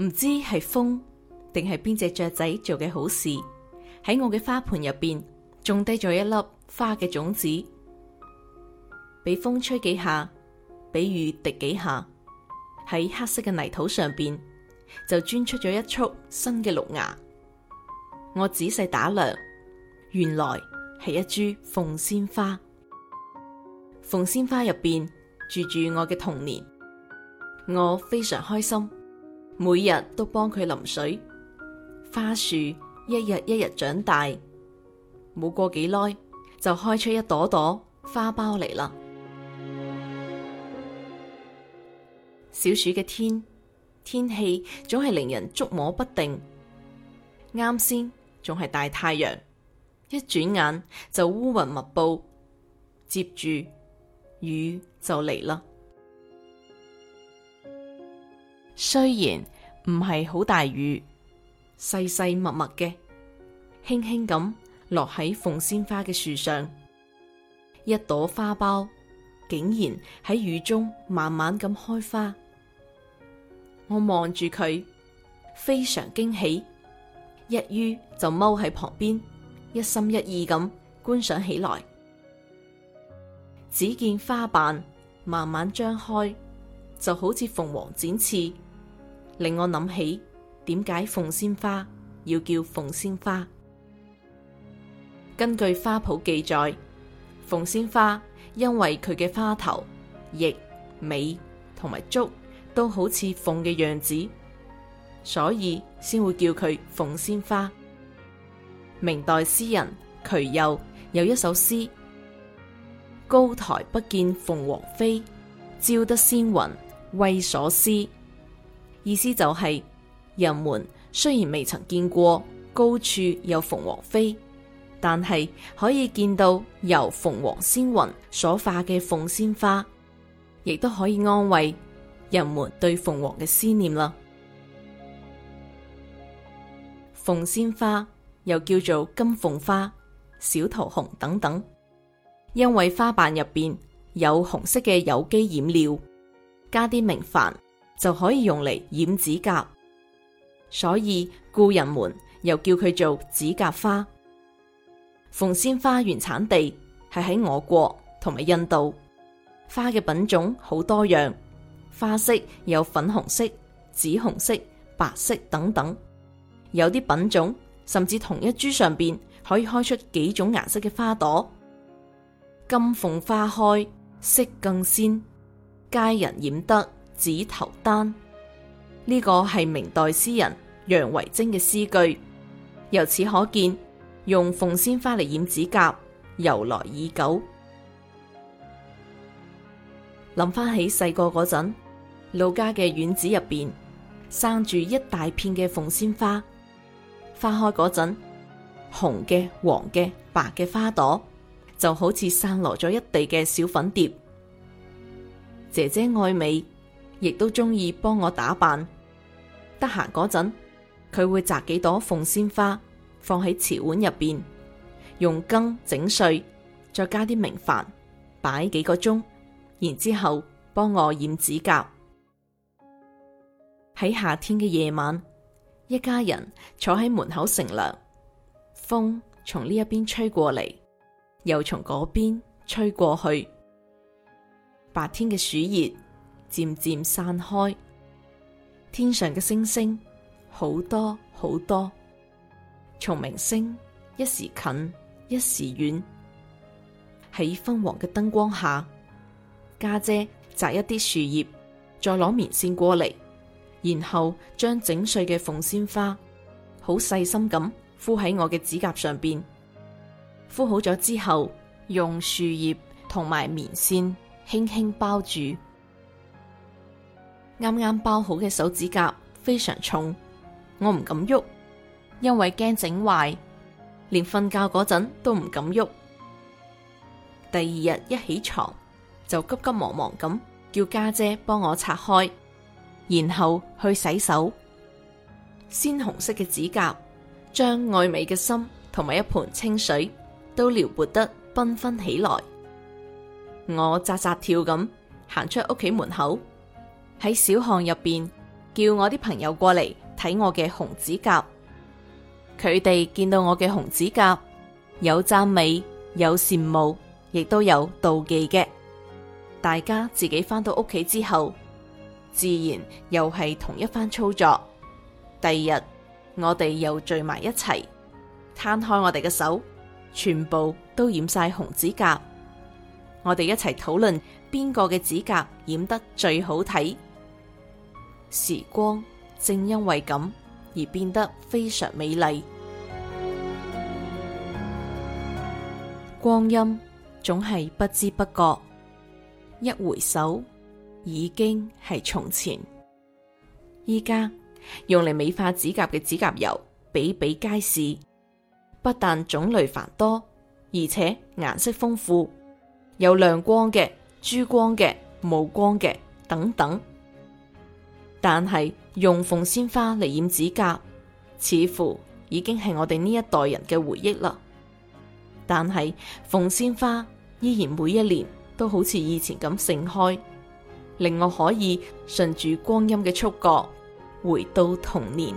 唔知係風定係邊隻雀仔做嘅好事，喺我嘅花盆入邊種低咗一粒花嘅種子，俾風吹幾下，俾雨滴幾下，喺黑色嘅泥土上邊就鑽出咗一束新嘅綠芽。我仔細打量，原來係一株鳳仙花。鳳仙花入邊住住我嘅童年，我非常開心。每日都幫佢淋水，花樹一日一日長大，冇過幾耐就開出一朵朵花苞嚟啦。小暑嘅天天氣總係令人捉摸不定，啱先仲係大太陽，一轉眼就烏雲密布，接住雨就嚟啦。雖然唔係好大雨，細細密密嘅，輕輕咁落喺鳳仙花嘅樹上，一朵花苞竟然喺雨中慢慢咁開花。我望住佢，非常驚喜，一於就踎喺旁邊，一心一意咁觀賞起來。只見花瓣慢慢張開，就好似鳳凰展翅。令我諗起點解鳳仙花要叫鳳仙花？根據花譜記載，鳳仙花因為佢嘅花頭、翼尾同埋足都好似鳳嘅樣子，所以先會叫佢鳳仙花。明代詩人瞿佑有一首詩：高台不見鳳凰飛，照得仙雲畏所思。意思就係、是，人們雖然未曾見過高處有鳳凰飛，但係可以見到由鳳凰仙雲所化嘅鳳仙花，亦都可以安慰人們對鳳凰嘅思念啦。鳳仙花又叫做金鳳花、小桃紅等等，因為花瓣入邊有紅色嘅有機染料，加啲明矾。就可以用嚟染指甲，所以故人們又叫佢做指甲花。鳳仙花原產地係喺我國同埋印度，花嘅品種好多樣，花色有粉紅色、紫紅色、白色等等，有啲品種甚至同一株上面可以開出幾種顏色嘅花朵。金鳳花開色更鮮，佳人染得，指頭丹呢個係明代詩人楊維楨嘅詩句，由此可見，用鳳仙花嚟染指甲由來已久。諗翻起細個嗰陣，老家嘅院子入邊生住一大片嘅鳳仙花，花開嗰陣，紅嘅、黃嘅、白嘅花朵就好似散落咗一地嘅小粉蝶。姐姐愛美。亦都中意幫我打扮，得閒嗰陣佢會摘幾朵鳳仙花放喺瓷碗入邊，用羹整碎，再加啲明矾，擺幾個鐘，然之後幫我染指甲。喺夏天嘅夜晚，一家人坐喺門口乘涼，風從呢一邊吹過嚟，又從嗰邊吹過去。白天嘅暑熱漸漸散開，天上嘅星星好多好多，從明星一時近一時遠，喺昏黃嘅燈光下，家姐摘一啲樹葉，再攞棉線過嚟，然後將整碎嘅鳳仙花，好細心咁敷喺我嘅指甲上邊，敷好咗之後，用樹葉同埋棉線輕輕包住。啱啱包好嘅手指甲非常重，我唔敢喐，因為驚整壞，連瞓覺嗰陣都唔敢喐。第二日一起床就急急忙忙咁叫家姐幫我拆開，然後去洗手。鮮紅色嘅指甲將愛美嘅心同埋一盆清水都撩撥得繽紛起來。我扎扎跳咁行出屋企門口。喺小巷入邊，叫我啲朋友過嚟睇我嘅紅指甲。佢哋見到我嘅紅指甲，有讚美，有羨慕，亦都有妒忌嘅。大家自己返到屋企之後，自然又係同一番操作。第二日，我哋又聚埋一齊，攤開我哋嘅手，全部都染晒紅指甲。我哋一齊討論邊個嘅指甲染得最好睇。時光正因為咁而變得非常美麗。光陰總係不知不覺，一回首已經係從前。依家用嚟美化指甲嘅指甲油比比皆是，不但種類繁多，而且顏色豐富，有亮光嘅、珠光嘅、無光嘅等等。但係用鳳仙花嚟染指甲，似乎已經係我哋呢一代人嘅回憶啦。但係鳳仙花依然每一年都好似以前咁盛開，令我可以順住光陰嘅觸角，回到童年。